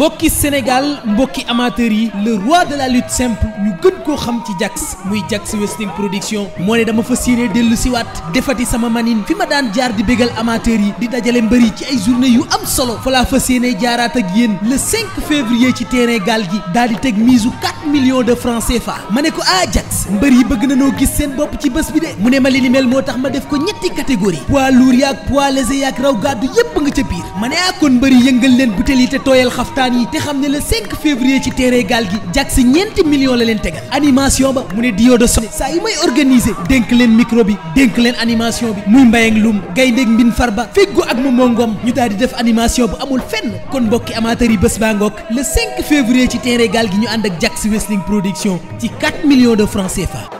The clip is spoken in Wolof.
mbokki Sénégal mbokki amateurs yi le roi de la lutte simple ñu gën koo xam ci Jax muy Jax Wrestling Production moo ne dama fa yéene dellu siwaat defati sama manin fi ma daan jaar di bégal amateurs yi di dajale mbëri ci ay journée yu am solo fa laa fas yéene jaaraat ak yéen le 5 février ci terrain gaal gi daal di teg mise u de francs fa ma ne ko ah Jax mbër yi bëgg na noo gis seen bopp ci bés bi de mu ne ma li ni moo tax ma def ko ñetti catégorie poids lourd yaak poids léger yaak nga ca biir ma ne ah kon leen butéel yi te tooyal programme yi te xam le 5 février ci terrain gal gi jag si ñeenti millions la leen tegal animation ba mu ne dio de son saa yi may organiser dénk leen micro bi dénk leen animation bi muy mbay ak lum gaynde ak mbin farba feggu ak mu mongom ñu daal di def animation bu amul fenn kon mbokki amateur yi bés baa le 5 février ci terrain gal gi ñu ànd ak jag si wrestling production ci 4 millions de francs CFA.